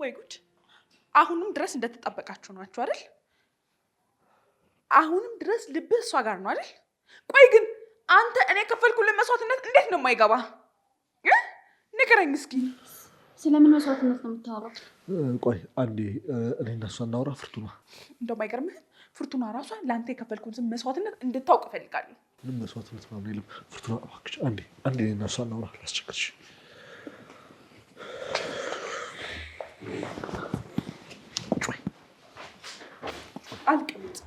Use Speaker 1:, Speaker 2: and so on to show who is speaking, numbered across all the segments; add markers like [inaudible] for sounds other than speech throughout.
Speaker 1: ወይ ጉድ! አሁንም ድረስ እንደተጠበቃችሁ ናችሁ አይደል? አሁንም ድረስ ልብህ እሷ ጋር ነው አይደል? ቆይ ግን አንተ እኔ የከፈልኩልን መስዋዕትነት እንዴት ነው የማይገባ? ንገረኝ እስኪ
Speaker 2: ስለምን መስዋዕትነት ነው የምታወራው?
Speaker 3: ቆይ አንዴ እኔ እና እሷ እናውራ። ፍርቱና
Speaker 1: እንደውም አይገርምህም? ፍርቱና ራሷ ለአንተ የከፈልኩትን መስዋዕትነት እንድታውቅ እፈልጋለሁ።
Speaker 3: ምንም መስዋት ምናምን የለም። ፍርቱና እባክሽ አንዴ አንዴ እኔና እሷ እናውራ። ላስቸግርሽ አልቅምጥ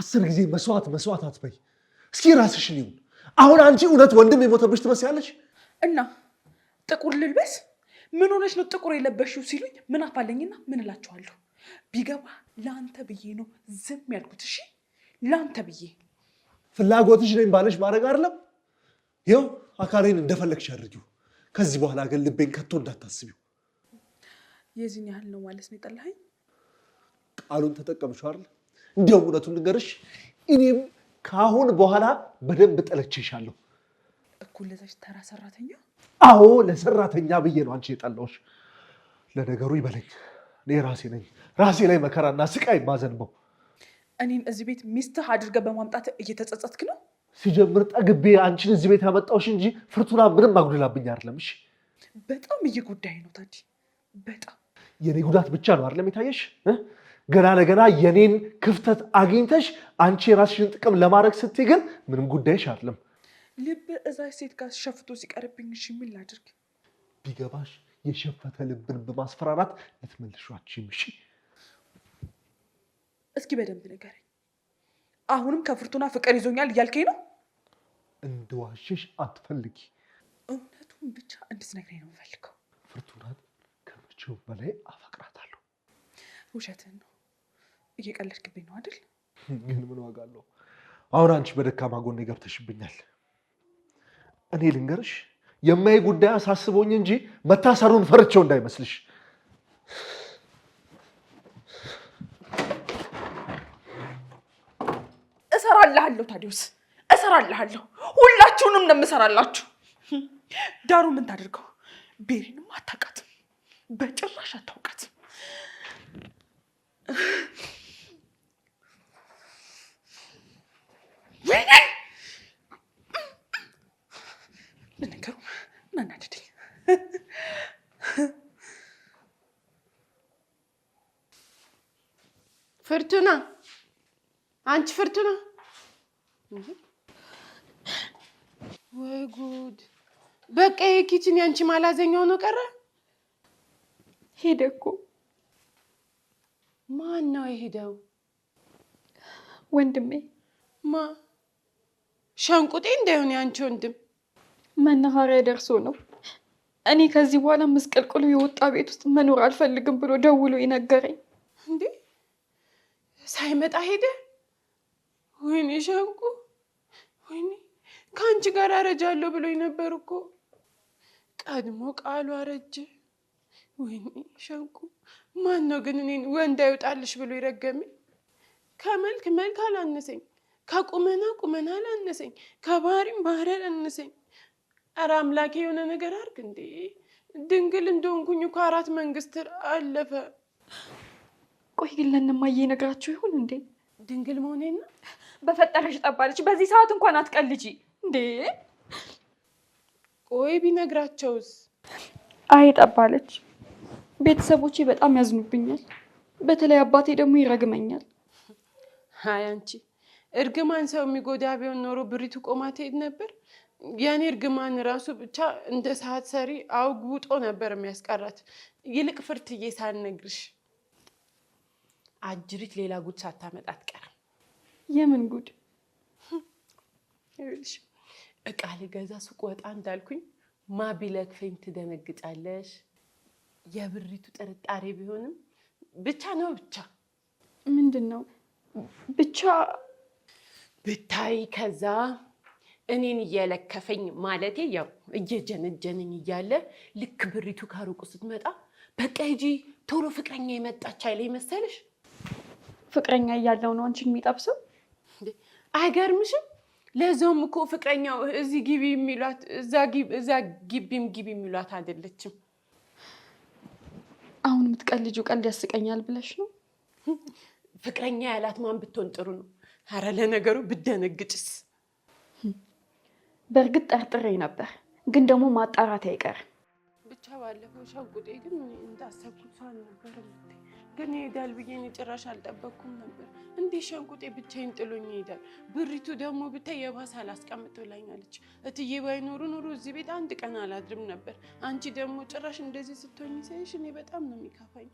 Speaker 3: አስር ጊዜ መስዋዕት መስዋዕት አትበይ። እስኪ ራስሽን ይሁን። አሁን አንቺ እውነት ወንድም የሞተብሽ ትመስያለሽ።
Speaker 1: እና ጥቁር ልልበስ ምን ሆነሽ ነው ጥቁር የለበሽው ሲሉኝ ምን አፋለኝና ምን እላቸዋለሁ? ቢገባ ለአንተ ብዬ ነው ዝም ያልኩት። እሺ ለአንተ ብዬ
Speaker 3: ፍላጎትሽ ነኝ ባለሽ ማድረግ አይደለም። ይኸው አካሌን እንደፈለግሽ አድርጊው። ከዚህ በኋላ ግን ልቤን ከቶ እንዳታስቢው።
Speaker 1: የዚህን ያህል ነው ማለት ነው የጠላኸኝ?
Speaker 3: ቃሉን ተጠቀምሽው አይደል? እንዲያው እውነቱን ንገርሽ፣ እኔም ከአሁን በኋላ በደንብ ጠለችሻለሁ
Speaker 1: እኮ ለዛች ተራ ሰራተኛ።
Speaker 3: አዎ ለሰራተኛ ብዬ ነው አንቺ የጠላሁሽ። ለነገሩ ይበለኝ፣ እኔ ራሴ ነኝ ራሴ ላይ መከራና ስቃይ ማዘንበው
Speaker 1: እኔን እዚህ ቤት ሚስትህ አድርገህ በማምጣት እየተጸጸትክ ነው?
Speaker 3: ሲጀምር ጠግቤ አንቺን እዚህ ቤት ያመጣሁሽ እንጂ ፍርቱና ምንም አጉድላብኝ አይደለም። እሺ
Speaker 1: በጣም እየጎዳኝ ነው። ታዲ። በጣም
Speaker 3: የኔ ጉዳት ብቻ ነው አይደለም የታየሽ? ገና ለገና የኔን ክፍተት አግኝተሽ አንቺ የራስሽን ጥቅም ለማድረግ ስትይ ግን ምንም ጉዳይሽ አይደለም።
Speaker 1: ልብ እዛ ሴት ጋር ሸፍቶ ሲቀርብኝ እሺ ምን ላድርግ?
Speaker 3: ቢገባሽ የሸፈተ ልብን በማስፈራራት ልትመልሺው እሺ
Speaker 1: እስኪ በደንብ ንገረኝ። አሁንም ከፍርቱና ፍቅር ይዞኛል እያልከኝ ነው?
Speaker 3: እንድዋሽሽ አትፈልጊ።
Speaker 1: እውነቱን ብቻ እንድትነግረኝ ነው የምፈልገው።
Speaker 3: ፍርቱናን ከመቼው በላይ አፈቅራታለሁ።
Speaker 1: ውሸትን ነው። እየቀለድክብኝ ነው አይደል?
Speaker 3: ግን ምን ዋጋ አለው? አሁን አንቺ በደካማ ጎኔ ገብተሽብኛል። እኔ ልንገርሽ የማይ ጉዳይ አሳስቦኝ እንጂ መታሰሩን ፈርቼው እንዳይመስልሽ።
Speaker 1: እሰራልሃለሁ። ታዲዮስ እሰራልሃለሁ። ሁላችሁንም ነው የምሰራላችሁ። ዳሩ ምን ታደርገው? ቤሪንም አታውቃትም፣ በጭራሽ አታውቃትም። ለነገሩ እናናድደኝ
Speaker 4: ፍርቱና፣ አንቺ ፍርቱና ወይ ጉድ! በቃ ይሄ ኪችን ያንቺ ማላዘኛ ሆኖ ቀረ። ሄደ እኮ። ማን ነው የሄደው? ወንድሜ። ማ ሸንቁጤ እንዳይሆን ያንቺ ወንድም።
Speaker 2: መናኸሪያ ደርሶ ነው። እኔ ከዚህ በኋላ መስቀልቅሎ የወጣ ቤት ውስጥ መኖር አልፈልግም ብሎ ደውሎ ይነገረኝ!
Speaker 4: እንዴ ሳይመጣ ሄደ? ወይኔ ሸንቁ ወይኔ ከአንቺ ጋር አረጃለሁ ብሎኝ ነበር እኮ ቀድሞ ቃሉ አረጀ። ወይኔ ሸንቁ፣ ማን ነው ግን እኔን ወንድ አይውጣልሽ ብሎ ይረገመኝ? ከመልክ መልክ አላነሰኝ፣ ከቁመና ቁመና አላነሰኝ፣ ከባህሪም ባህሪ አላነሰኝ። ኧረ አምላኬ የሆነ ነገር አርግ እንዴ! ድንግል እንደሆንኩኝ እኮ አራት መንግስት አለፈ።
Speaker 2: ቆይ ግን ለእነማዬ ነግራችሁ እንዴ
Speaker 4: ድንግል መሆኔና
Speaker 1: በፈጠረሽ ጠባለች። በዚህ ሰዓት እንኳን አትቀልጂ እንዴ!
Speaker 4: ቆይ ቢነግራቸውስ?
Speaker 2: አይ ጠባለች፣ ቤተሰቦቼ በጣም ያዝኑብኛል። በተለይ አባቴ ደግሞ ይረግመኛል።
Speaker 4: አይ አንቺ እርግማን ሰው የሚጎዳ ቢሆን ኖሮ ብሪቱ ቆማ ትሄድ ነበር። ያኔ እርግማን ራሱ ብቻ እንደ ሰዓት ሰሪ አውግውጦ ነበር የሚያስቀራት። ይልቅ ፍርትዬ ሳልነግርሽ አጅሪት ሌላ ጉድ ሳታመጣ አትቀርም። የምን ጉድ! እቃ ልገዛ ሱቅ ወጣ እንዳልኩኝ ማ ቢለክፈኝ ትደነግጫለሽ። የብሪቱ ጥርጣሬ ቢሆንም ብቻ ነው ብቻ።
Speaker 2: ምንድን ነው ብቻ?
Speaker 4: ብታይ ከዛ እኔን እየለከፈኝ ማለቴ ያው እየጀነጀነኝ እያለ ልክ ብሪቱ ከሩቁ ስትመጣ በቃ ሂጂ ቶሎ ፍቅረኛ የመጣች አይለኝ መሰለሽ።
Speaker 2: ፍቅረኛ እያለው ነው አንቺን የሚጠብሰው
Speaker 4: አይገርምሽም? ለዛውም እኮ ፍቅረኛው እዚህ ግቢ የሚሏት እዛ ግቢም ግቢ የሚሏት አይደለችም።
Speaker 2: አሁን የምትቀልጁ ቀልድ ያስቀኛል ብለሽ ነው?
Speaker 4: ፍቅረኛ ያላት ማን ብትሆን ጥሩ ነው? አረ ለነገሩ ብደነግጭስ።
Speaker 2: በእርግጥ ጠርጥሬ ነበር፣ ግን ደግሞ ማጣራት አይቀርም።
Speaker 4: ብቻ ባለፈው ሸጉጤ ግን እንዳሰብኩት አልነበረም። ግን ይሄዳል ብዬ እኔ ጭራሽ አልጠበቅኩም ነበር። እንዴ ሸንቁጤ ብቻዬን ጥሎኝ ይሄዳል። ብሪቱ ደግሞ ብታይ የባሰ አላስቀምጥ ብላኛለች። እትዬ ባይኖሩ ኑሮ እዚህ ቤት አንድ ቀን አላድርም ነበር። አንቺ ደግሞ ጭራሽ እንደዚህ ስትሆኝ ሳይሽ እኔ በጣም ነው የሚከፋኝ።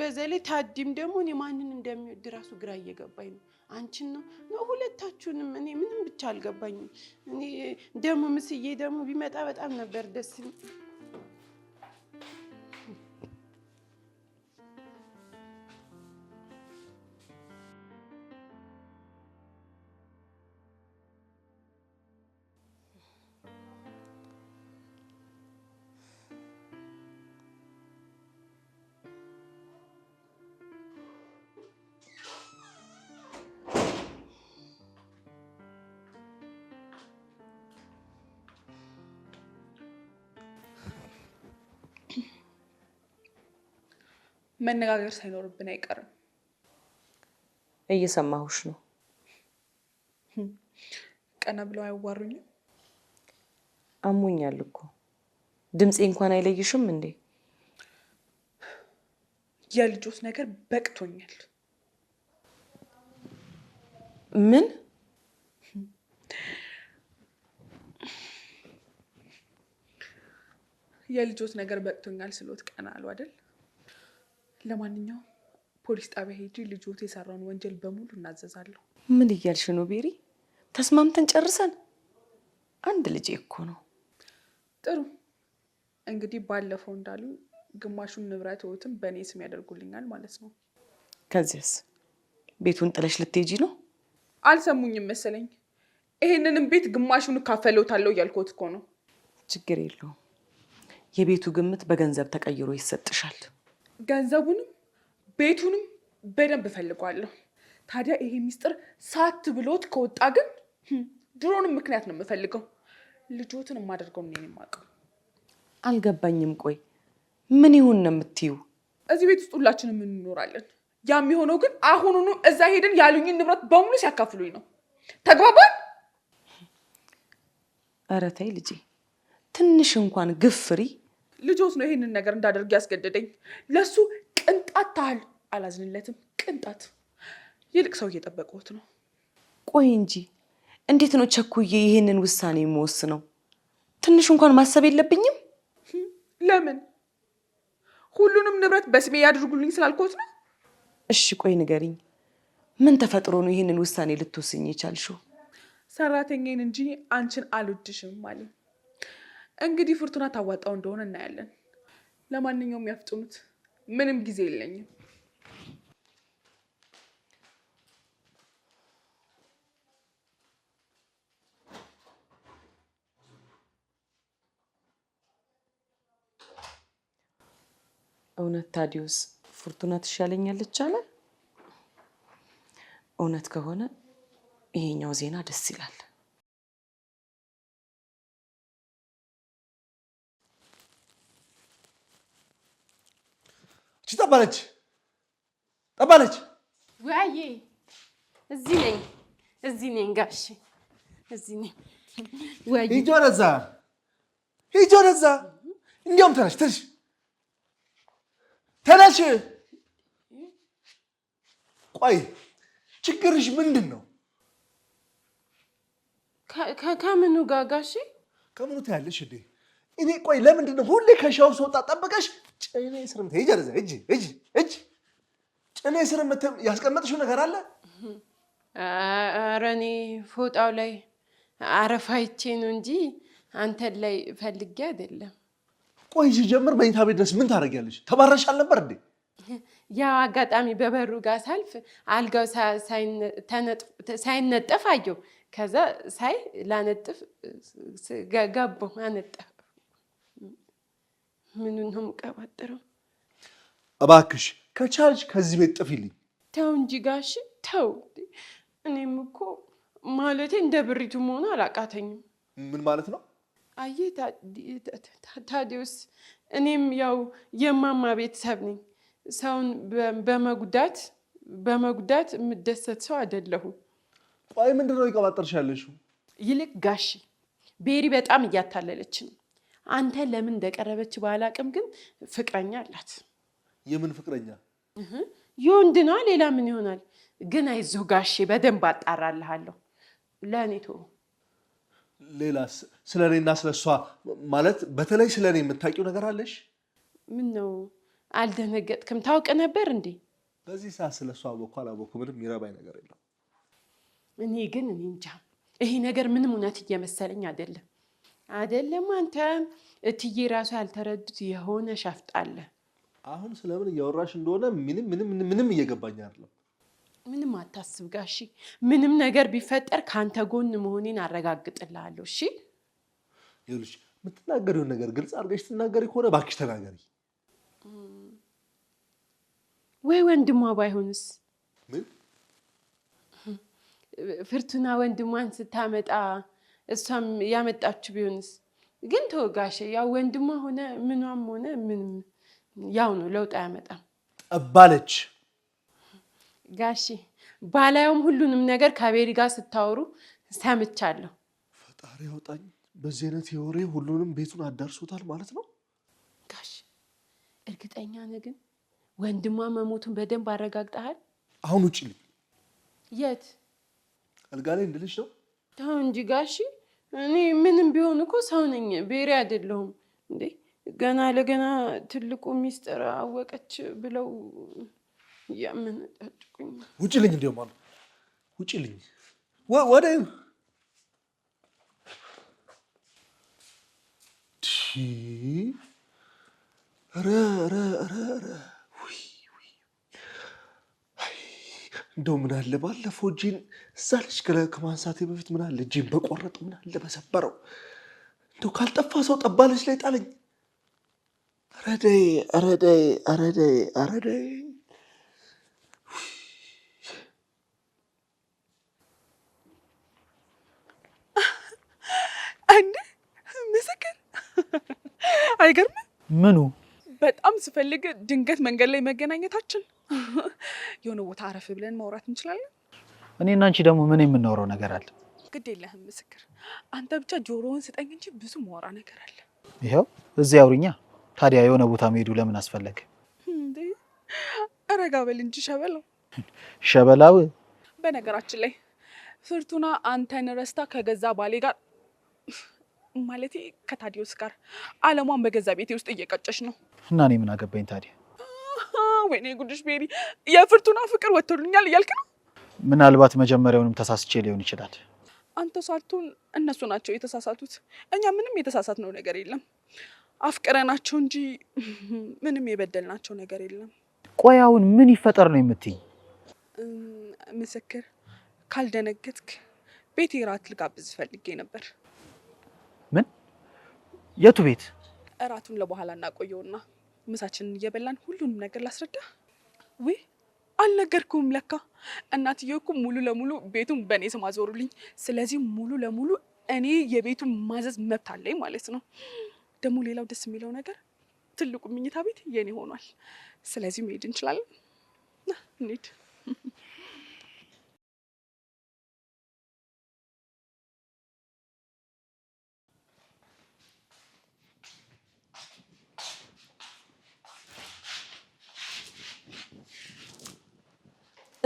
Speaker 4: በዘሌ ታዲም ደግሞ እኔ ማንን እንደሚወድ ራሱ ግራ እየገባኝ ነው። አንቺን ነው ነው ሁለታችሁንም። እኔ ምንም ብቻ አልገባኝም። እኔ ደግሞ ምስዬ ደግሞ ቢመጣ በጣም ነበር ደስ
Speaker 2: መነጋገር ሳይኖርብን አይቀርም።
Speaker 5: እየሰማሁሽ ነው።
Speaker 2: ቀና ብለው አይዋሩኝም?
Speaker 5: አሞኛል እኮ ድምፄ እንኳን አይለይሽም እንዴ?
Speaker 2: የልጆት ነገር በቅቶኛል። ምን የልጆት ነገር በቅቶኛል ስሎት ቀና አሉ አይደል? ለማንኛውም ፖሊስ ጣቢያ ሄጂ ልጆት የሰራውን ወንጀል በሙሉ እናዘዛለሁ።
Speaker 5: ምን እያልሽ ነው ቤሪ? ተስማምተን ጨርሰን አንድ ልጅ እኮ ነው።
Speaker 2: ጥሩ እንግዲህ ባለፈው እንዳሉ ግማሹን ንብረት ወትም በእኔ ስም ያደርጉልኛል ማለት ነው።
Speaker 5: ከዚያስ ቤቱን ጥለሽ ልትሄጂ ነው?
Speaker 2: አልሰሙኝም መሰለኝ። ይሄንንም ቤት ግማሹን እካፈለውታለሁ እያልኩት እኮ ነው።
Speaker 5: ችግር የለውም። የቤቱ ግምት በገንዘብ ተቀይሮ ይሰጥሻል።
Speaker 2: ገንዘቡንም ቤቱንም በደንብ እፈልጓለሁ። ታዲያ ይሄ ሚስጥር ሳት ብሎት ከወጣ ግን ድሮንም ምክንያት ነው የምፈልገው። ልጆትን የማደርገው እኔ የማውቀው
Speaker 5: አልገባኝም። ቆይ ምን ይሁን ነው የምትዩ?
Speaker 2: እዚህ ቤት ውስጥ ሁላችንም እንኖራለን። ያ የሚሆነው ግን አሁኑኑ እዛ ሄደን ያሉኝን ንብረት በሙሉ ሲያካፍሉኝ ነው። ተግባባል።
Speaker 5: ኧረ ተይ ልጄ፣ ትንሽ እንኳን ግፍሪ
Speaker 2: ልጆት ነው ይሄንን ነገር እንዳደርግ ያስገደደኝ። ለሱ ቅንጣት ታህል አላዝንለትም። ቅንጣት ይልቅ ሰው እየጠበቁት ነው።
Speaker 5: ቆይ እንጂ እንዴት ነው ቸኩዬ ይህንን ውሳኔ የምወስነው? ትንሽ እንኳን ማሰብ የለብኝም?
Speaker 2: ለምን ሁሉንም ንብረት በስሜ ያድርጉልኝ ስላልኮት ነው?
Speaker 5: እሺ ቆይ ንገሪኝ፣ ምን ተፈጥሮ ነው ይህንን ውሳኔ ልትወስኝ የቻልሽው?
Speaker 2: ሰራተኛን እንጂ አንቺን አልወድሽም አለኝ። እንግዲህ ፍርቱና ታዋጣው እንደሆነ እናያለን። ለማንኛውም ያፍጥኑት፣ ምንም ጊዜ የለኝም።
Speaker 5: እውነት ታዲዮስ ፍርቱና ትሻለኛለች አለ። እውነት ከሆነ ይሄኛው ዜና ደስ ይላል።
Speaker 3: እሺ፣ ጠባለች ጠባለች።
Speaker 4: ዋዬ እዚህ ነኝ፣ እዚህ ነኝ ጋሼ፣ እዚህ ነኝ።
Speaker 3: ሂጂ ወደዛ፣ ሂጂ ወደዛ። እንዲያውም ተነሽ፣ ተነሽ፣ ተነሽ። ቆይ ችግርሽ ምንድን ነው?
Speaker 4: ከምኑ ጋጋሽ?
Speaker 3: ከምኑ ትያለሽ እንዴ? እኔ ቆይ ለምንድን ነው ሁሌ ከሻው ስወጣ ጠብቀሽ ጭኔ ስር ትሄጃለሽ። እጅ እጅ እጅ ጭኔ ስር ያስቀመጥሽው ነገር አለ።
Speaker 4: ኧረ እኔ ፎጣው ላይ አረፋይቼ ነው እንጂ አንተን ላይ ፈልጌ አይደለም።
Speaker 3: ቆይ ሲጀምር መኝታ ቤት ድረስ ምን ታደርጊያለሽ? ተባረሻል ነበር እንዴ?
Speaker 4: ያው አጋጣሚ በበሩ ጋር ሳልፍ አልጋው ሳይነጠፍ አየው። ከዛ ሳይ ላነጥፍ ገባሁ፣ አነጠፍ ምኑ ነው የምቀባጥረው?
Speaker 3: እባክሽ ከቻልሽ ከዚህ ቤት ጥፊልኝ።
Speaker 4: ተው እንጂ ጋሽ ተው። እኔም እኮ ማለቴ እንደ ብሪቱ መሆኑ አላቃተኝም። ምን ማለት ነው? አየ ታዲዮስ፣ እኔም ያው የማማ ቤተሰብ ነኝ። ሰውን በመጉዳት በመጉዳት የምደሰት ሰው አይደለሁም።
Speaker 3: ቆይ ምንድነው ይቀባጠርሻለሽ?
Speaker 4: ይልቅ ጋሽ ቤሪ በጣም እያታለለች ነው አንተ ለምን እንደቀረበች ባላቅም ግን ፍቅረኛ አላት። የምን ፍቅረኛ? ይወንድ ነዋ። ሌላ ምን ይሆናል? ግን አይዞህ ጋሼ በደንብ አጣራልሃለሁ። ለእኔ ቶ
Speaker 3: ሌላ ስለ እኔና ስለ እሷ ማለት በተለይ ስለ እኔ የምታውቂው ነገር አለሽ?
Speaker 4: ምን ነው አልደነገጥክም? ታውቅ ነበር እንዴ?
Speaker 3: በዚህ ሰዓት ስለ እሷ አወኩ አላወኩ ምንም የሚረባኝ ነገር የለም።
Speaker 4: እኔ ግን እኔ እንጃ ይሄ ነገር ምንም እውነት እየመሰለኝ አይደለም። አይደለም አንተ እትዬ ራሱ ያልተረዱት የሆነ ሸፍጥ አለ።
Speaker 3: አሁን ስለምን እያወራሽ እንደሆነ ምንም ምንም ምንም እየገባኝ አይደለም።
Speaker 4: ምንም አታስብ ጋሺ፣ ምንም ነገር ቢፈጠር ከአንተ ጎን መሆኔን አረጋግጥልሃለሁ። እሺ
Speaker 3: ይኸውልሽ፣ የምትናገሪውን ነገር ግልጽ አድርገሽ ትናገሪ ከሆነ እባክሽ ተናገሪ።
Speaker 4: ወይ ወንድሟ ባይሆንስ? ምን ፍርቱና ወንድሟን ስታመጣ እሷም ያመጣችሁ ቢሆንስ? ግን ተወጋሸ ያው ወንድሟ ሆነ ምኗም ሆነ ምንም ያው ነው፣ ለውጥ አያመጣም እባለች ጋሺ ባላየውም ሁሉንም ነገር ከቤሪ ጋር ስታወሩ ሰምቻለሁ።
Speaker 3: ፈጣሪ ያውጣኝ። በዚህ አይነት የወሬ ሁሉንም ቤቱን አዳርሶታል ማለት ነው
Speaker 4: ጋሼ። እርግጠኛ ነህ ግን ወንድሟ መሞቱን በደንብ አረጋግጠሃል? አሁን ውጭ ልኝ። የት
Speaker 3: አልጋ ላይ እንድልሽ ነው?
Speaker 4: ተው እንጂ ጋሼ እኔ ምንም ቢሆን እኮ ሰው ነኝ፣ ብሬ አይደለሁም እንዴ። ገና ለገና ትልቁ ሚስጥር አወቀች ብለው እያመነጫጭቁኝ።
Speaker 3: ውጭ ልኝ፣ እንዲሁም አሉ ውጭ ልኝ ወደ ረ እንደው ምን አለ ባለፈው ጂን እዛ ልጅ ከማንሳቴ በፊት ምን አለ ጂን በቆረጠው ምን አለ በሰበረው። እንደው ካልጠፋ ሰው ጠባ ልጅ ላይ ጣለኝ። ረዳይ ረዳይ ረዳይ ረዳይ አይገርም? ምኑ
Speaker 2: በጣም ስፈልግ ድንገት መንገድ ላይ መገናኘታችን [laughs] የሆነ ቦታ አረፍ ብለን ማውራት እንችላለን።
Speaker 3: እኔ እና አንቺ ደግሞ ምን የምናወራው ነገር አለ?
Speaker 2: ግድ የለህም ምስክር፣ አንተ ብቻ ጆሮውን ስጠኝ እንጂ ብዙ ማውራ ነገር አለ።
Speaker 3: ይኸው እዚህ አውሪኛ። ታዲያ የሆነ ቦታ መሄዱ ለምን አስፈለገ?
Speaker 2: ረጋ በል እንጂ ሸበላው [laughs] ሸበላው። በነገራችን ላይ ፍርቱና አንተን ረስታ ከገዛ ባሌ ጋር ማለቴ ከታዲዮስ ጋር አለሟን በገዛ ቤቴ ውስጥ እየቀጨች ነው።
Speaker 3: እና እኔ ምን አገባኝ ታዲያ
Speaker 2: ወይኔ ጉድሽ ቤሪ፣ የፍርቱና ፍቅር ወጥቶልኛል እያልክ ነው?
Speaker 3: ምናልባት መጀመሪያውንም ተሳስቼ ሊሆን ይችላል።
Speaker 2: አንተ ሳልቱን እነሱ ናቸው የተሳሳቱት። እኛ ምንም የተሳሳትነው ነገር የለም። አፍቅረናቸው እንጂ ምንም የበደልናቸው ነገር የለም።
Speaker 3: ቆይ አሁን ምን ይፈጠር ነው የምትይኝ?
Speaker 2: ምስክር ካልደነገጥክ ቤት እራት ልጋብዝ ፈልጌ ነበር።
Speaker 3: ምን? የቱ ቤት?
Speaker 2: እራቱን ለበኋላ እናቆየውና ምሳችንን እየበላን ሁሉንም ነገር ላስረዳ። ውይ አልነገርኩም። ለካ እናትዬ እኮ ሙሉ ለሙሉ ቤቱን በእኔ ስም አዞሩልኝ። ስለዚህ ሙሉ ለሙሉ እኔ የቤቱን ማዘዝ መብት አለኝ ማለት ነው። ደግሞ ሌላው ደስ የሚለው ነገር ትልቁ ምኝታ ቤት የኔ ሆኗል። ስለዚህ መሄድ እንችላለን። እንሂድ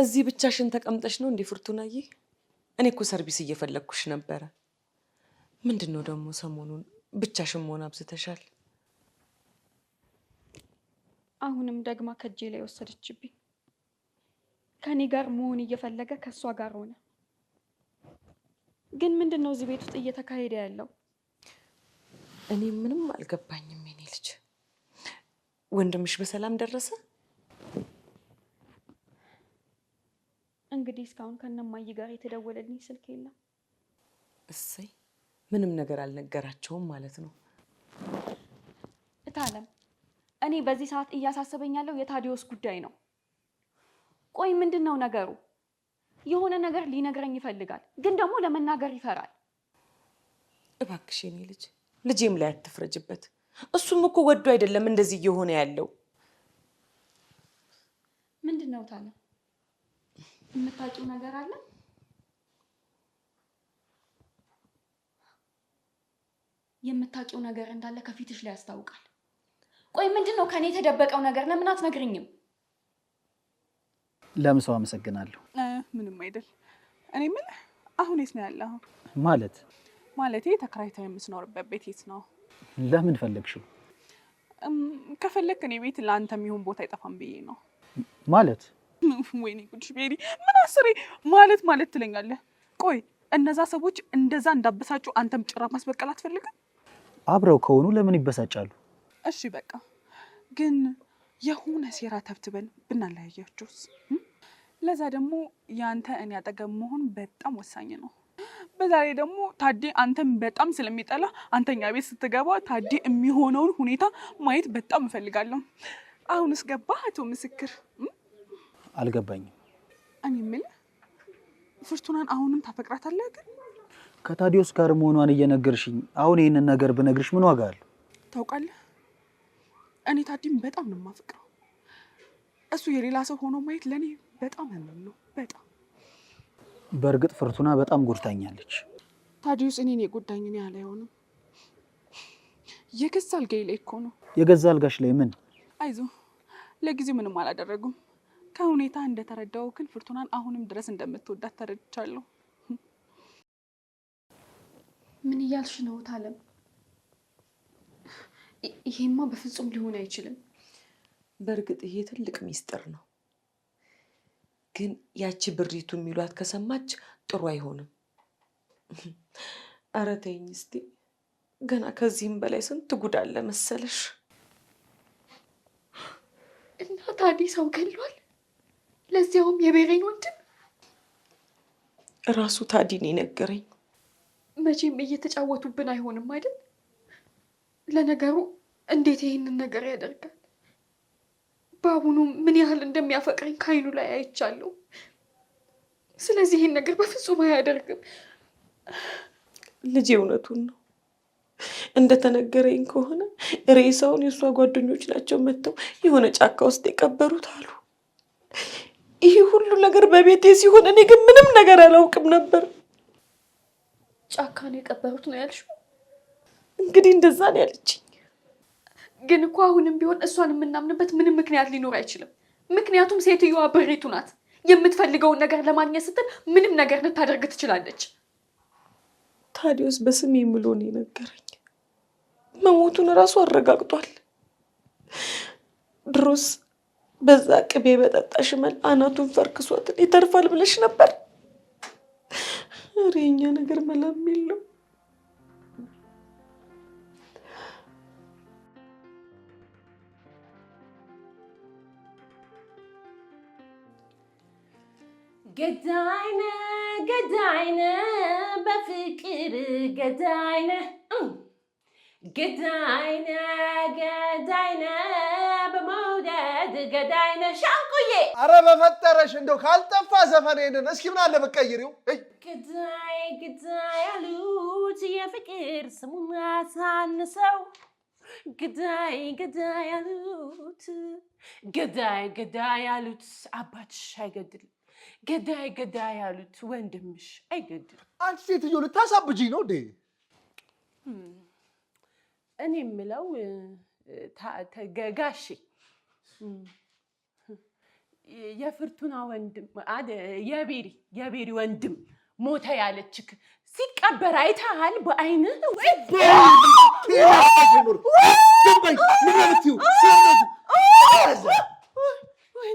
Speaker 5: እዚህ ብቻሽን ተቀምጠሽ ነው እንዴ ፍርቱናዬ? እኔ እኮ ሰርቪስ እየፈለግኩሽ ነበረ። ምንድን ነው ደግሞ ሰሞኑን ብቻሽን መሆን አብዝተሻል?
Speaker 2: አሁንም ደግማ ከእጄ ላይ ወሰደችብኝ። ከእኔ ጋር መሆን እየፈለገ ከእሷ ጋር ሆነ። ግን ምንድን ነው እዚህ ቤት ውስጥ እየተካሄደ ያለው?
Speaker 5: እኔ ምንም አልገባኝም። የኔ ልጅ ወንድምሽ በሰላም ደረሰ?
Speaker 2: እንግዲህ እስካሁን ከነማይ ጋር የተደወለልኝ ስልክ የለም።
Speaker 5: እሰይ ምንም ነገር አልነገራቸውም ማለት ነው።
Speaker 2: እታለም፣ እኔ በዚህ ሰዓት እያሳሰበኝ ያለው የታዲዮስ ጉዳይ ነው። ቆይ ምንድን ነው ነገሩ? የሆነ ነገር ሊነግረኝ ይፈልጋል፣ ግን ደግሞ ለመናገር ይፈራል።
Speaker 5: እባክሽ የኔ ልጅ ልጄም ላይ አትፍረጅበት። እሱም እኮ ወዶ አይደለም እንደዚህ እየሆነ ያለው።
Speaker 2: ምንድን ነው ታለም የምታውቂው ነገር አለ? የምታውቂው ነገር እንዳለ ከፊትሽ ላይ ያስታውቃል። ቆይ ምንድን ነው ከእኔ የተደበቀው ነገር? ለምን አትነግርኝም?
Speaker 3: ለምሰው አመሰግናለሁ።
Speaker 2: ምንም አይደል። እኔ ምን አሁን የት ነው ያለሁ? ማለት ማለቴ ተከራይታ የምትኖርበት ቤት የት ነው?
Speaker 3: ለምን ፈለግሽው?
Speaker 2: ከፈለክ እኔ ቤት ለአንተ የሚሆን ቦታ አይጠፋም ብዬ ነው። ማለት [laughs] ወይኔ ጉድሽ ቤሪ ምን አስሬ ማለት ማለት ትለኛለህ? ቆይ እነዛ ሰዎች እንደዛ እንዳበሳጩ አንተም ጭራ ማስበቀል አትፈልግም?
Speaker 3: አብረው ከሆኑ ለምን ይበሳጫሉ?
Speaker 2: እሺ በቃ ግን የሆነ ሴራ ተብትበን ብናለያያቸውስ? ለዛ ደግሞ የአንተ እኔ አጠገብ መሆን በጣም ወሳኝ ነው። በዛሬ ደግሞ ታዴ አንተን በጣም ስለሚጠላ አንተኛ ቤት ስትገባ ታዴ የሚሆነውን ሁኔታ ማየት በጣም እፈልጋለሁ። አሁንስ ገባህ አቶ ምስክር? አልገባኝም። እኔ የምልህ ፍርቱናን አሁንም ታፈቅራታለህ? ግን
Speaker 3: ከታዲዮስ ጋር መሆኗን እየነገርሽኝ አሁን ይህንን ነገር ብነግርሽ ምን ዋጋ አለው?
Speaker 2: ታውቃለህ እኔ ታዲም በጣም ነው የማፈቅረው። እሱ የሌላ ሰው ሆኖ ማየት ለእኔ በጣም ህመም ነው። በጣም
Speaker 3: በእርግጥ ፍርቱና በጣም ጎድታኛለች።
Speaker 2: ታዲዮስ እኔን የጎዳኝን ያህል አይሆንም። የገዛ አልጋዬ ላይ እኮ ነው።
Speaker 3: የገዛ አልጋሽ ላይ ምን?
Speaker 2: አይዞ ለጊዜው ምንም አላደረጉም። ከሁኔታ እንደተረዳው ግን ፍርቱናን አሁንም ድረስ እንደምትወዳት ተረድቻለሁ። ምን እያልሽ ነው ታለም? ይሄማ በፍጹም ሊሆን አይችልም።
Speaker 5: በእርግጥ ይሄ ትልቅ ሚስጥር ነው፣ ግን ያቺ ብሪቱ የሚሏት ከሰማች ጥሩ አይሆንም።
Speaker 4: ኧረ ተይኝ እስቲ ገና ከዚህም በላይ ስንት ጉዳለ መሰለሽ።
Speaker 2: እና ታዲያ ሰው ገሏል። ለዚያውም የቤሬን ወንድም
Speaker 5: ራሱ ታዲን ነገረኝ።
Speaker 2: መቼም እየተጫወቱብን አይሆንም አይደል? ለነገሩ እንዴት ይህንን ነገር ያደርጋል? በአሁኑ ምን ያህል እንደሚያፈቅረኝ ከአይኑ ላይ አይቻለሁ። ስለዚህ ይህን ነገር በፍጹም አያደርግም።
Speaker 4: ልጅ እውነቱን ነው። እንደተነገረኝ ከሆነ ሬሳውን የእሷ ጓደኞች ናቸው መጥተው የሆነ ጫካ ውስጥ የቀበሩት አሉ። ይሄ ሁሉ ነገር በቤቴ ሲሆን እኔ ግን ምንም ነገር አላውቅም ነበር።
Speaker 2: ጫካን የቀበሩት ነው ያልሽው?
Speaker 4: እንግዲህ እንደዛ ነው ያለችኝ።
Speaker 2: ግን እኮ አሁንም ቢሆን እሷን የምናምንበት ምንም ምክንያት ሊኖር አይችልም። ምክንያቱም ሴትዮዋ ብሬቱ ናት። የምትፈልገውን ነገር ለማግኘት ስትል ምንም ነገር ልታደርግ ትችላለች።
Speaker 4: ታዲዮስ በስም የምሎን የነገረኝ። መሞቱን እራሱ አረጋግጧል። ድሮስ በዛ ቅቤ በጠጣሽ መል አናቱን ፈርክሶትን ይተርፋል ብለሽ ነበር። ሬኛ ነገር መላም የለው። ገዳይነ ገዳይነ በፍቅር ገዳይነ ገዳይነ ገዳይነ በመውደድ ገዳይነ ሻንቁዬ፣
Speaker 3: አረ በፈጠረሽ እንደው ካልጠፋ ዘፈኔንን እስኪ ምን አለ ብትቀይሪው።
Speaker 4: ገዳይ ገዳይ ያሉት የፍቅር ስሙን አሳንሰው ገዳይ ገዳይ ያሉት ገዳይ ገዳይ ያሉት አባትሽ አይገድልም። ገዳይ ገዳይ ያሉት ወንድምሽ አይገድልም።
Speaker 3: አንቺ ሴትዮ ልታሳብጂኝ ነው እንዴ?
Speaker 4: እኔ የምለው ጋሼ የፍርቱና ወንድም የቤሪ የቤሪ ወንድም ሞተ ያለችክ ሲቀበር አይተሃል በአይንህ ወይ?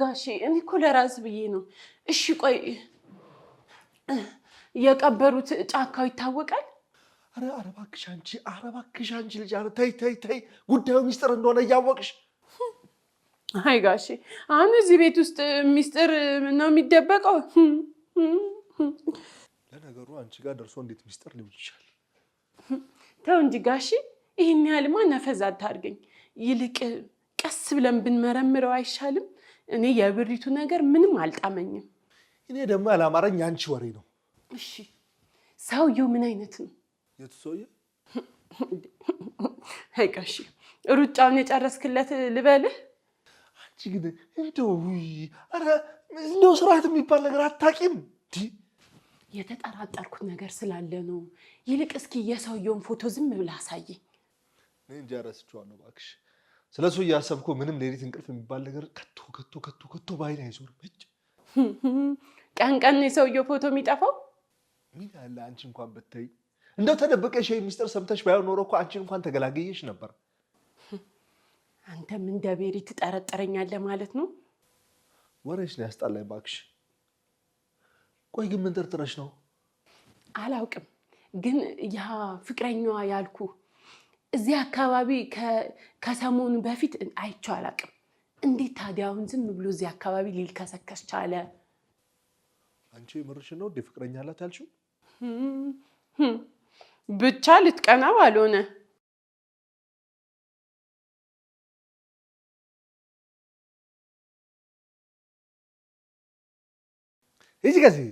Speaker 4: ጋሺ እኔ እኮ ለራስ ብዬ ነው። እሺ ቆይ የቀበሩት ጫካው ይታወቃል?
Speaker 3: አረ አረ እባክሽ አንቺ፣ አረ እባክሽ አንቺ ልጅ፣ አረ ተይ ተይ ተይ፣ ጉዳዩ ሚስጥር እንደሆነ እያወቅሽ።
Speaker 4: አይ ጋሺ አሁን እዚህ ቤት ውስጥ ሚስጥር ነው የሚደበቀው?
Speaker 3: ለነገሩ አንቺ ጋር ደርሶ እንዴት ሚስጥር ሊሆን ይችላል?
Speaker 4: ተው እንጂ ጋሺ፣ ይህን ማ ነፈዝ አታድርገኝ። ይልቅ ቀስ ብለን ብንመረምረው አይሻልም? እኔ የብሪቱ ነገር ምንም አልጣመኝም።
Speaker 3: እኔ ደግሞ ያላማረኝ ያንቺ ወሬ ነው።
Speaker 4: እሺ ሰውየው ምን አይነት ነው? የቱ ሰውዬው? አይቃሽ [laughs] ሩጫውን የጨረስክለት ልበልህ?
Speaker 3: አንቺ ግን እንደው እንደው ስርዓት የሚባል ነገር አታቂም።
Speaker 4: የተጠራጠርኩት ነገር ስላለ ነው። ይልቅ እስኪ የሰውየውን ፎቶ ዝም ብለህ አሳየኝ።
Speaker 3: እኔ እንጃ እረስቸዋለሁ እባክሽ ስለ እሱ እያሰብኩ ምንም ሌሊት እንቅልፍ የሚባል ነገር ከቶ ከቶ ከቶ ከቶ በዓይን አይዞርም። እጭ
Speaker 4: ቀን ቀን የሰውየው ፎቶ የሚጠፋው
Speaker 3: ምን ያለ አንቺ እንኳን ብታይ እንደው ተደብቀሽ ሚስጥር ሰምተሽ ባይሆን ኖሮ እኮ አንቺ እንኳን ተገላገየሽ ነበር።
Speaker 4: አንተም እንደ ቤሪ ትጠረጠረኛለህ ማለት ነው።
Speaker 3: ወሬሽ ነው ያስጠላኝ እባክሽ። ቆይ ግን ምን ጥርጥረሽ ነው?
Speaker 4: አላውቅም፣ ግን ያ ፍቅረኛዋ ያልኩ እዚህ አካባቢ ከሰሞኑ በፊት አይቼው አላውቅም። እንዴት ታዲያ ዝም ብሎ እዚህ አካባቢ ሊልከሰከስ ቻለ?
Speaker 3: አንቺ ምርሽ ነው እንዴ? ፍቅረኛ አላት ያልሽው?
Speaker 4: ብቻ ልትቀና ባልሆነ
Speaker 3: ሂጂ ከዚህ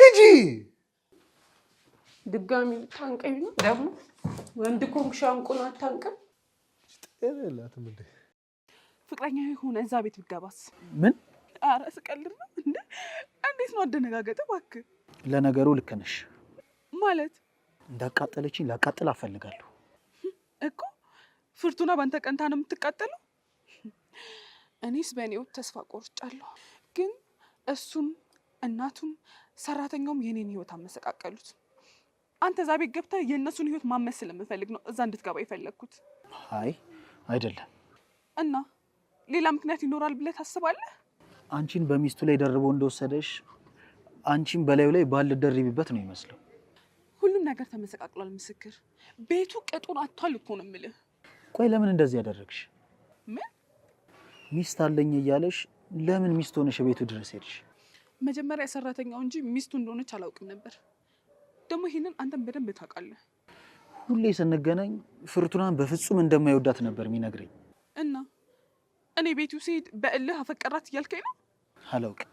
Speaker 3: ሂጂ
Speaker 4: ድጋሚ ታንቀኝ ነው ደግሞ ወንድ ኮንክ ሻንቁን አታንቅም።
Speaker 3: ጤና የላትም እንዴ?
Speaker 2: ፍቅረኛ የሆነ እዛ ቤት ብገባስ? ምን? አረ ስቀልድ ነው። እንዴት ነው አደነጋገጠ? እባክህ
Speaker 3: ለነገሩ ልክ ነሽ። ማለት እንዳቃጠለችኝ ላቃጥል አፈልጋለሁ
Speaker 2: እኮ ፍርቱና። በአንተ ቀንታ ነው የምትቃጠለው። እኔስ በእኔው ተስፋ ቆርጫለሁ። ግን እሱም እናቱም ሰራተኛውም የኔን ህይወት አመሰቃቀሉት። አንተ እዛ ቤት ገብተህ የእነሱን ህይወት ማመስ ስለምፈልግ ነው እዛ እንድትገባ የፈለግኩት።
Speaker 3: አይ አይደለም።
Speaker 2: እና ሌላ ምክንያት ይኖራል ብለህ ታስባለህ?
Speaker 3: አንቺን በሚስቱ ላይ ደርቦ እንደወሰደሽ አንቺን በላዩ ላይ ባል ልደርቢበት ነው ይመስለው።
Speaker 2: ሁሉም ነገር ተመሰቃቅሏል። ምስክር ቤቱ ቅጡን አጥቷል እኮ ነው የምልህ።
Speaker 3: ቆይ ለምን እንደዚህ ያደረግሽ? ምን ሚስት አለኝ እያለሽ ለምን ሚስት ሆነሽ ቤቱ ድረስ ሄድሽ?
Speaker 2: መጀመሪያ ሰራተኛው እንጂ ሚስቱ እንደሆነች አላውቅም ነበር። ደግሞ ይሄንን አንተም በደንብ ታውቃለህ።
Speaker 3: ሁሌ ስንገናኝ ፍርቱናን በፍጹም እንደማይወዳት ነበር የሚነግረኝ።
Speaker 2: እና እኔ ቤቱ ስሄድ በእልህ አፈቀራት እያልከኝ ነው?
Speaker 3: አላውቅም።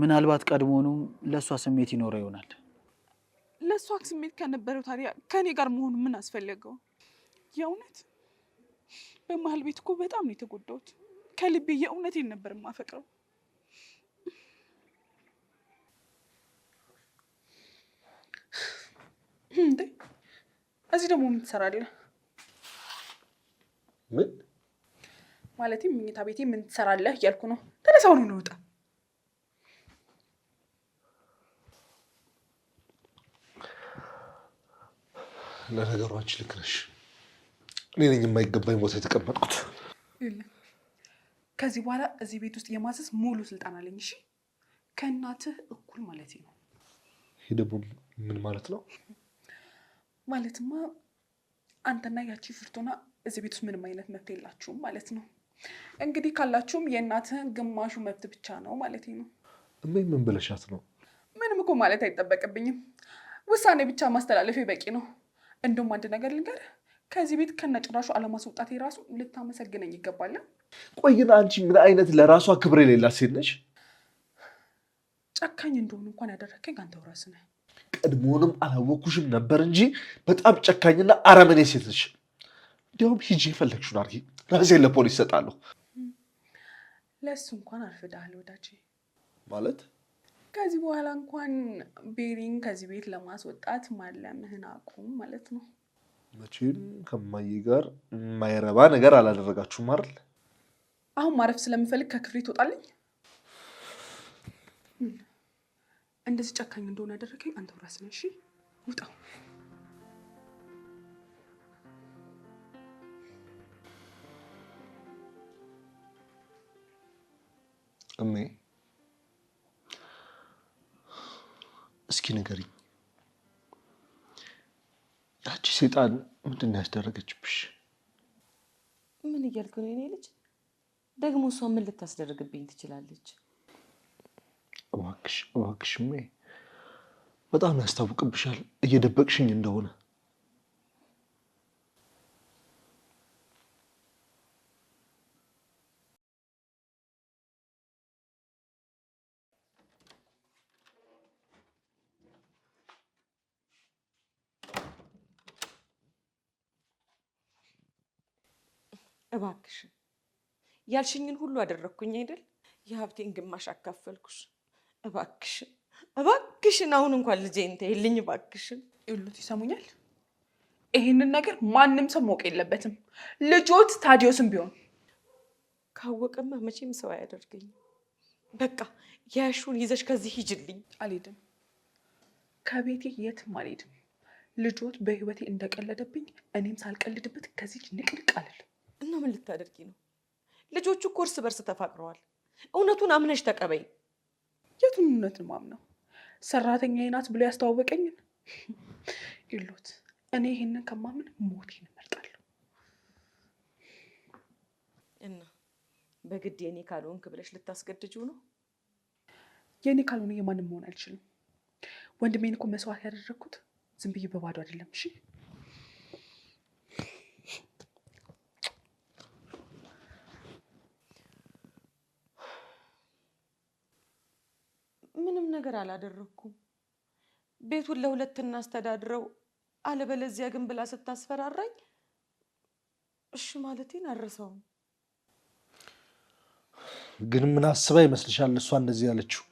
Speaker 3: ምናልባት ቀድሞውኑም ለእሷ ስሜት ይኖረው ይሆናል።
Speaker 2: ለእሷ ስሜት ከነበረው ታዲያ ከእኔ ጋር መሆኑ ምን አስፈለገው? የእውነት በመሀል ቤት እኮ በጣም ነው የተጎዳሁት። ከልቤ የእውነቴን ነበር የማፈቅረው። እንዴ እዚህ ደግሞ ምን ትሰራለህ? ምን ማለት ምኝታ ቤቴ ምን ትሰራለህ እያልኩ ነው። ተነሳው ነው እንውጣ።
Speaker 3: ለነገሩ አንቺ ልክ ነሽ። እኔ ነኝ የማይገባኝ ቦታ የተቀመጥኩት።
Speaker 2: ከዚህ በኋላ እዚህ ቤት ውስጥ የማዘዝ ሙሉ ስልጣን አለኝ። እሺ ከእናትህ እኩል ማለት ነው።
Speaker 3: ይሄ ደግሞ ምን ማለት ነው?
Speaker 2: ማለትማ አንተና ያቺ ፍርቱና እዚህ ቤት ውስጥ ምንም አይነት መብት የላችሁም ማለት ነው። እንግዲህ ካላችሁም የእናትህን ግማሹ መብት ብቻ ነው ማለት ነው።
Speaker 3: እሜ ምን ብለሻት ነው?
Speaker 2: ምንም እኮ ማለት አይጠበቅብኝም። ውሳኔ ብቻ ማስተላለፊ በቂ ነው። እንደውም አንድ ነገር ልንገር፣ ከዚህ ቤት ከነጭራሹ አለማስወጣት ራሱ ልታመሰግነኝ ይገባል።
Speaker 3: ቆይን አንቺ ምን አይነት ለራሷ ክብር የሌላት ሴት ነች?
Speaker 2: ጨካኝ እንደሆኑ እንኳን ያደረከኝ አንተው ራስህ ነህ።
Speaker 3: ቀድሞውንም አላወኩሽም ነበር እንጂ በጣም ጨካኝና አረመኔ ሴት ነሽ። እንዲያውም ሂጂ የፈለግሽውን አድርጊ፣ ራሴን ለፖሊስ እሰጣለሁ።
Speaker 2: ለእሱ እንኳን አልፍዳል ወዳጄ። ማለት ከዚህ በኋላ እንኳን ቤሪን ከዚህ ቤት ለማስወጣት ማለምህን አቁም ማለት ነው።
Speaker 3: መቼም ከማዬ ጋር የማይረባ ነገር አላደረጋችሁም አይደል?
Speaker 2: አሁን ማረፍ ስለምፈልግ ከክፍሌ ትወጣለኝ። እንደዚህ ጨካኝ እንደሆነ ያደረገኝ አንተው ራስህ ነህ። እሺ ውጣው።
Speaker 3: እሜ እስኪ ንገሪኝ፣ ያቺ ሴጣን ምንድን ነው ያስደረገችብሽ?
Speaker 4: ምን እያልክ ነው የኔ ልጅ? ደግሞ እሷ ምን ልታስደርግብኝ ትችላለች?
Speaker 3: እባክሽ እባክሽ በጣም ያስታውቅብሻል እየደበቅሽኝ እንደሆነ።
Speaker 4: እባክሽ ያልሽኝን ሁሉ አደረግኩኝ አይደል? የሀብቴን ግማሽ አካፈልኩሽ። እባክሽን እባክሽን አሁን እንኳን ልጄ እንተይልኝ እባክሽን።
Speaker 2: ይሉት ይሰሙኛል። ይህንን ነገር ማንም ሰው ማወቅ የለበትም። ልጆት ታዲዮስም ቢሆን
Speaker 4: ካወቀማ መቼም ሰው አያደርገኝ።
Speaker 2: በቃ ያሹን ይዘሽ ከዚህ ሂጅልኝ።
Speaker 4: አልሄድም፣ ከቤቴ የትም አልሄድም። ልጆት በህይወቴ እንደቀለደብኝ እኔም ሳልቀልድበት ከዚች ንቅንቅ አልል
Speaker 2: እና ምን ልታደርጊ ነው? ልጆቹ እኮ እርስ በርስ ተፋቅረዋል። እውነቱን አምነሽ ተቀበይ።
Speaker 4: የቱን እውነት ማምነው? ሰራተኛዬ ናት ብሎ ያስተዋወቀኝን ይሉት። እኔ ይሄንን ከማምን ሞቴን እመርጣለሁ።
Speaker 2: እና በግድ የኔ ካልሆንክ ብለሽ ልታስገድጁ ነው?
Speaker 4: የእኔ ካልሆነ የማንም መሆን አልችልም። ወንድሜን እኮ መስዋዕት ያደረግኩት ዝም ብዬ በባዶ አይደለም። እሺ
Speaker 2: ምንም ነገር አላደረኩም። ቤቱን ለሁለት እናስተዳድረው አለበለዚያ ግን ብላ ስታስፈራራኝ እሺ ማለቴን አልረሳውም።
Speaker 3: ግን ምን አስባ ይመስልሻል እሷ እንደዚህ ያለችው?